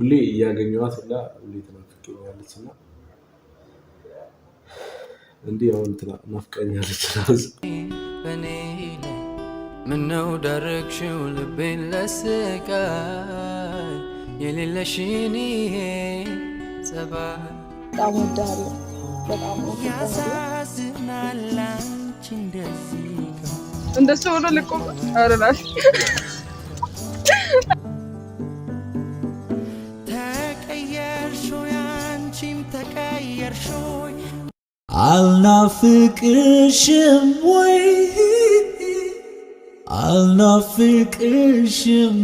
ሁሌ እያገኘኋት እና ሁሌ ትናፍቀኛለች እና እንዲህ አሁን ናፍቀኛለች። ምነው ዳረግሽው ልቤን ለስቃይ የሌለሽን ይሄ ጸባይ ያሳዝናል። አንቺ እንደዚህ ልቆ አረላሽ አልናፍቅሽም ወይ አልናፍቅሽም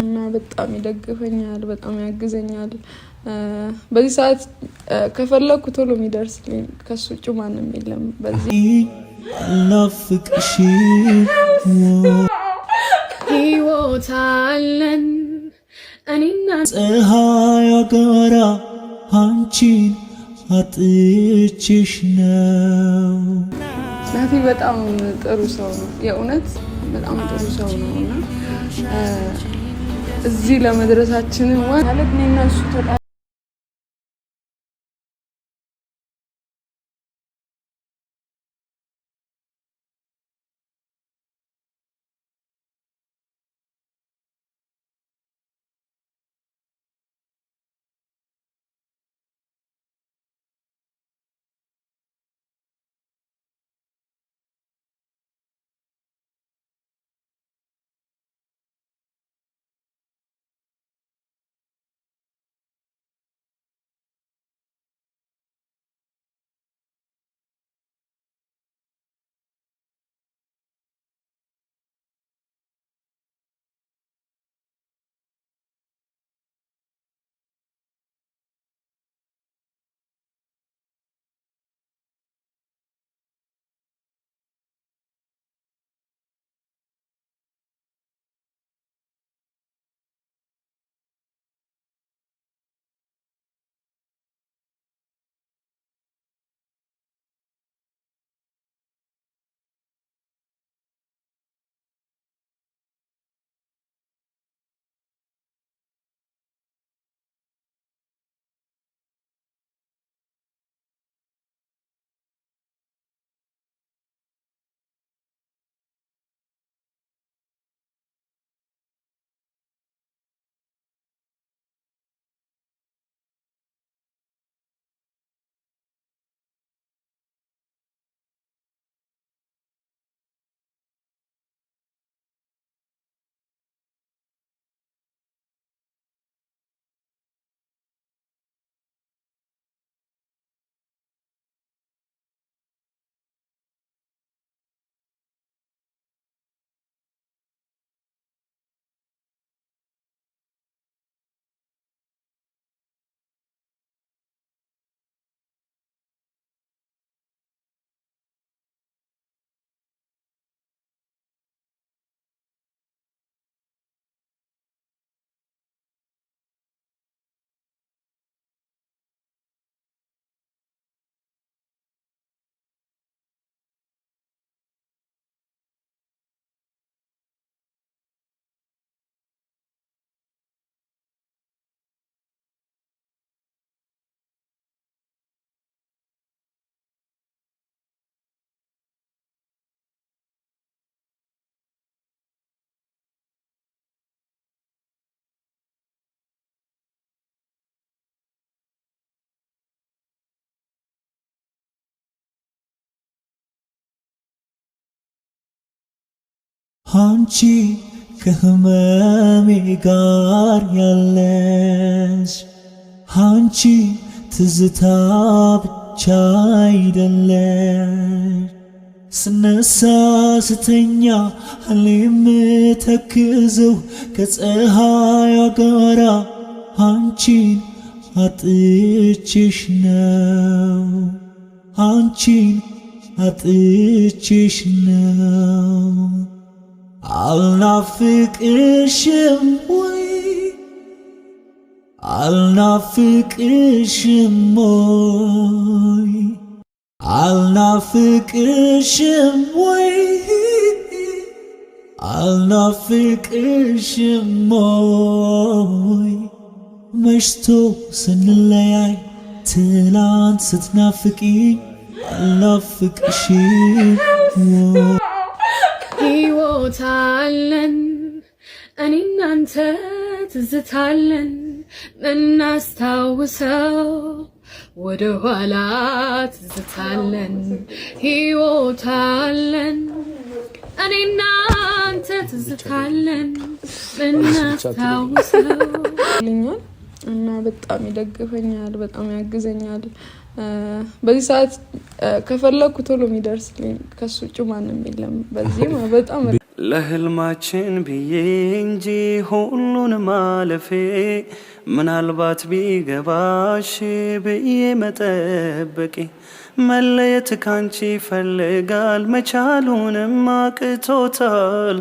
እና በጣም ይደግፈኛል፣ በጣም ያግዘኛል። በዚህ ሰዓት ከፈለኩ ቶሎ የሚደርስልኝ ከሱ ውጭ ማንም የለም። አልናፍቅሽም ህይወት አለን እኔና ፀሐይ አገራ አንቺን አጥቼሽ ነው። ናቲ በጣም ጥሩ ሰው ነው። የእውነት በጣም ጥሩ ሰው ነው እና እዚህ ለመድረሳችን ማለት እኔና እሱ አንቺ ከህመሜ ጋር ያለሽ አንቺ ትዝታ ብቻ አይደለሽ። ስነሳ ስተኛ ህሌም ተክዘው ከፀሐያ ጋራ አንቺን አጥቼሽ ነው አንቺን አጥቼሽ ነው አልናፍቅሽም ወይ አልናፍቅሽም ወይ አልናፍቅሽም ወይ አልናፍቅሽም ወይ መሽቶ ስንለያይ ትላንት ስትናፍቂኝ አልናፍቅሽም ወይ ችሎታለን እኔ እናንተ ትዝታለን እናስታውሰው ወደ ኋላ ትዝታለን ሕይወታለን እኔ እናንተ ትዝታለን እናስታውሰውልኛል እና በጣም ይደግፈኛል፣ በጣም ያግዘኛል። በዚህ ሰዓት ከፈለግኩ ቶሎ የሚደርስልኝ ከሱ ውጭ ማንም የለም። በዚህ በጣም ለህልማችን ብዬ እንጂ ሁሉን ማለፌ ምናልባት ቢገባሽ ብዬ መጠበቄ መለየት ካንቺ ይፈልጋል መቻሉንም አቅቶታል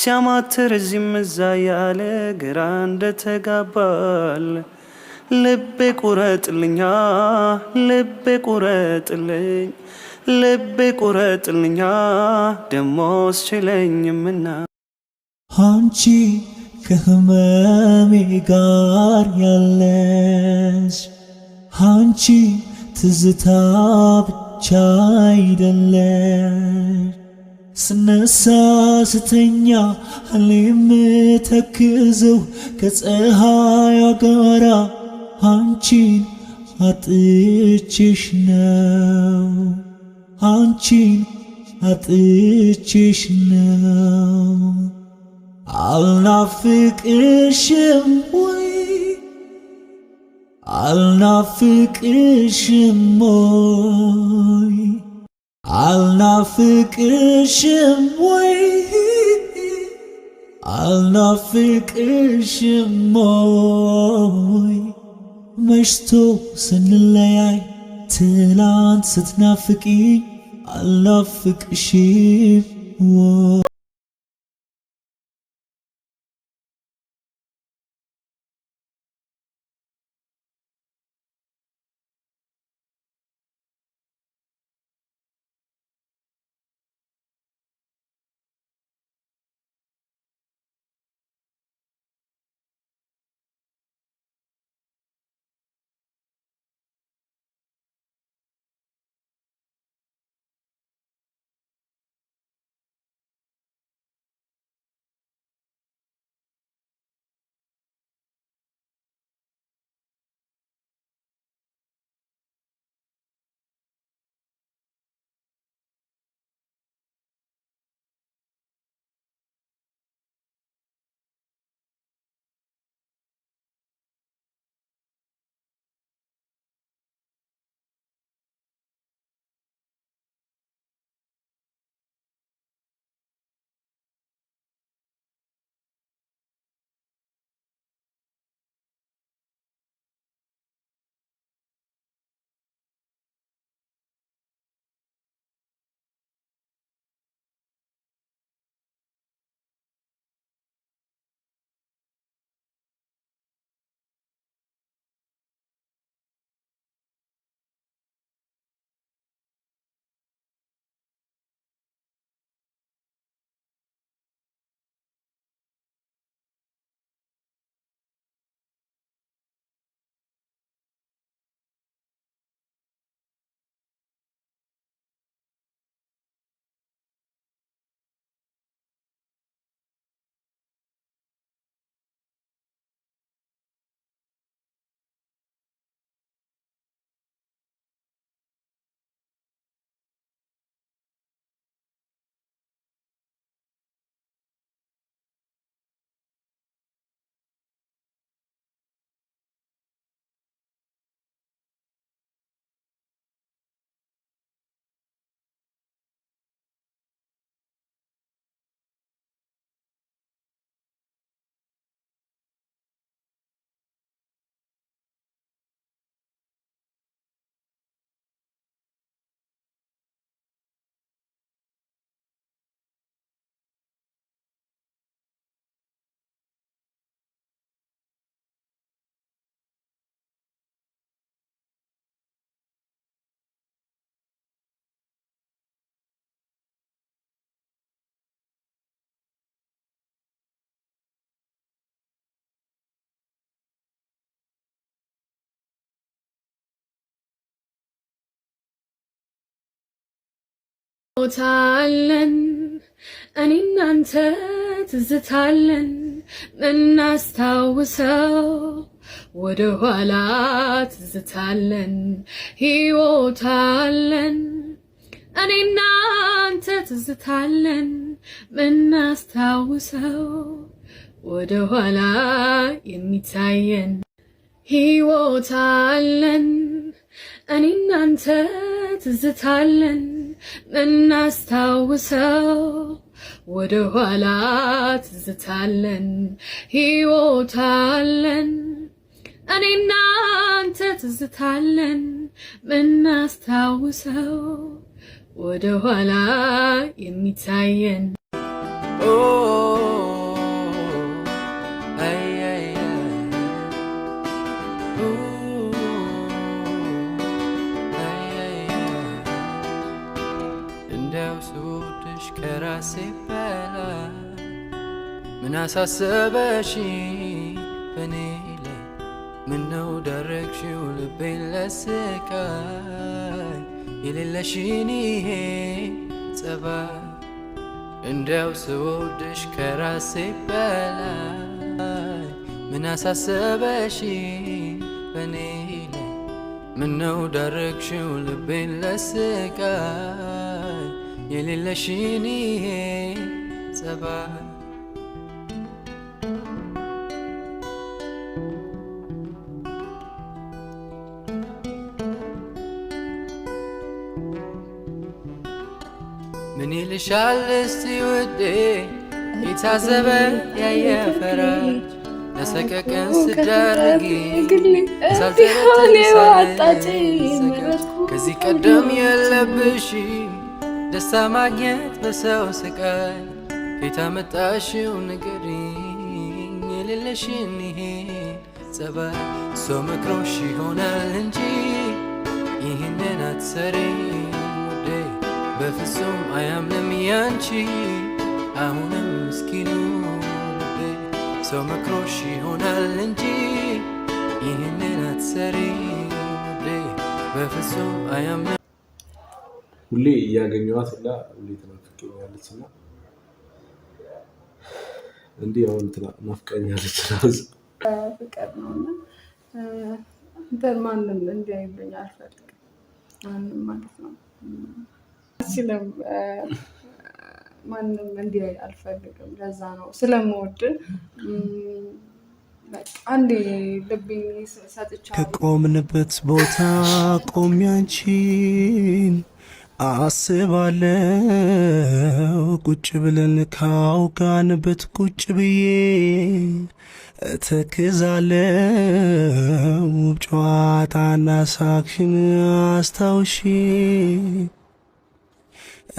ሲያማትር እዚህም እዛ ያለ ግራ እንደተጋባል ልቤ ቁረጥልኛ ልቤ ቁረጥልኝ ልብ ቁረጥልኛ ደሞስ ችለኝምና አንቺ ከህመሜ ጋር ያለሽ አንቺ ትዝታ ብቻ አይደለሽ ስነሳ ስተኛ ህሌም ተክዘው ከፀሐያ ጋራ አንቺን አጥቼሽ ነው። አንቺን አጥቼሽ ነው። አልናፍቅሽም ወይ አልናፍቅሽም ወይ አልናፍቅሽም ወይ አልናፍቅሽም ወይ መሽቶ ስንለያይ ትላንት ስትናፍቂ አላፍቅሽም ቦታለን እኔ እናንተ ትዝታለን እናስታውሰው ወደ ኋላ ትዝታለን ሕይወታለን እኔ እናንተ ትዝታለን ምናስታውሰው ወደ ኋላ የሚታየን አለን እኔ እናንተ ትዝታለን እናስታውሰው ወደ ኋላ ትዝታለን ሕይወታለን እኔና አንተ ትዝታለን ምናስታውሰው ወደ ኋላ የሚታየን ምን አሳሰበሽ በኔ ላይ ምነው ዳረግሽው ልቤን ለስቃይ የሌለሽን ይሄ ጸባይ እንዲያው ስወድሽ ከራሴ በላይ ምን አሳሰበሽ በኔ ላይ ምነው ዳረግሽው ልቤን ለስቃይ የሌለሽን ይሄ ጸባይ ምን ይልሻል እስቲ ውዴ የታዘበ ያየፈራል ለሰቀቀን ስዳረጊ ሳልተረጠሳለጣጭ ከዚህ ቀደም የለብሽ ደስታ ማግኘት በሰው ስቃይ የታመጣሽው መጣሽው ንገሪኝ የሌለሽን ይሄን ጸባይ ሰው መክሮሽ ይሆናል እንጂ ይህንን አትሰሪ ውዴ በፍጹም አያምንም ያንቺ አሁንም ምስኪኑ ሰው መክሮሽ ይሆናል እንጂ ይህንን አትሰሪ በፍጹም አያምንም። ሁሌ እያገኘዋት እና ሁሌ ትናፍቀኛለች እና እንዲህ አሁን ናፍቀኛለች ፍቅር ነው እና ማንም አይብኝ አልፈልግም ማንም ማለት ነው። አልችልም። ማንም እንዲህ አልፈልግም። ለዛ ነው ስለምወድ አንዴ ልቤ ሰጥቻ ከቆምንበት ቦታ ቆሜ አንቺን አስባለው ቁጭ ብለን ካውጋንበት ቁጭ ብዬ እተክዛለው ጨዋታና ሳክሽን አስታውሺ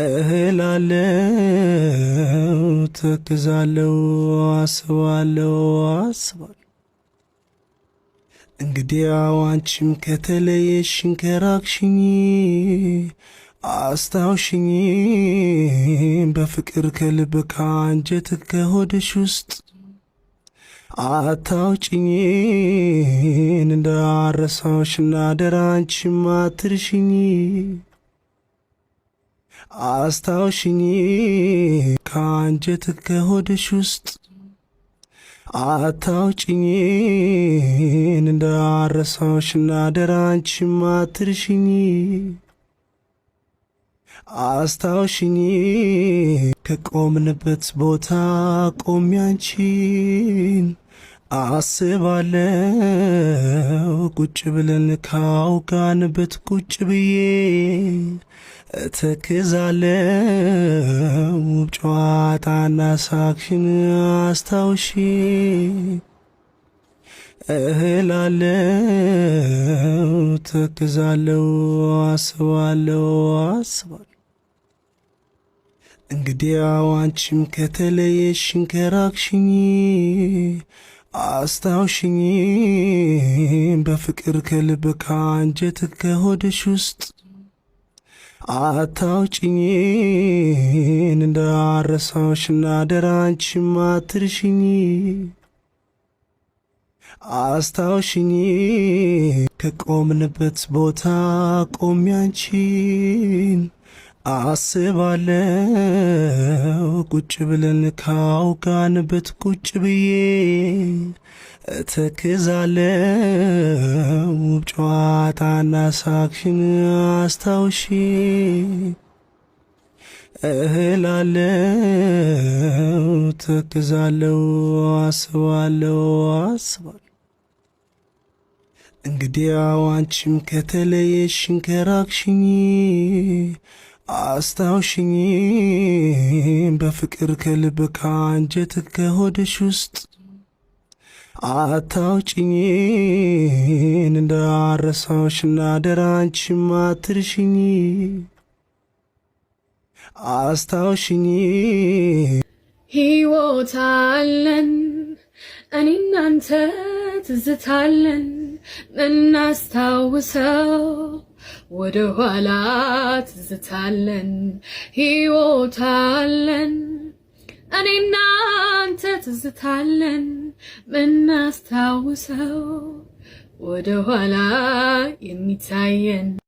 እህላለው ተክዛለው አስባለው አስባለው እንግዲህ አዋንችም ከተለየሽን ከራቅሽኝ አስታውሽኝ በፍቅር ከልብ ከአንጀት ከሆድሽ ውስጥ አታውጭኝን እንዳረሳውሽ እናደራንችም አትርሽኝ አስታውሽኝ ከአንጀት ከሆድሽ ውስጥ አታውጭኝ እንዳረሳውሽና ደራንች ማትርሽኝ አስታውሽኝ ከቆምንበት ቦታ ቆሚያንቺን አስባለው ቁጭ ብለን ካውጋንበት ቁጭ ብዬ እተክዛለው ጨዋታና ሳክሽን አስታውሺ እህላለው ተክዛለው አስባለው አስባለው እንግዲያው አንቺም ከተለየሽን አስታውሽኝ በፍቅር ከልብ ከአንጀት ከሆድሽ ውስጥ አታውጭኝን እንዳረሳውሽና ደራንች ማትርሽኝ አስታውሽኝ ከቆምንበት ቦታ ቆሚያንቺን አስባለው ቁጭ ብለን ካውጋንበት ቁጭ ብዬ እተክዛለው ውብ ጨዋታና ሳክሽን አስታውሺ እህላለው ተክዛለው አስባለው አስባለው እንግዲያው አንቺም ከተለየሽን ከራቅሽኝ አስታውሽኝ በፍቅር ከልብ ከአንጀት ከሆድሽ ውስጥ አታውጭኝ እንዳረሳውሽና ደራንች ማትርሽኝ አስታውሽኝ ሕይወት አለን እኔ እናንተ ትዝታለን እናስታውሰው ወደ ኋላ ትዝታለን ሕይወታለን እኔና እናንተ ትዝታለን ምናስታውሰው ወደ ኋላ የሚታየን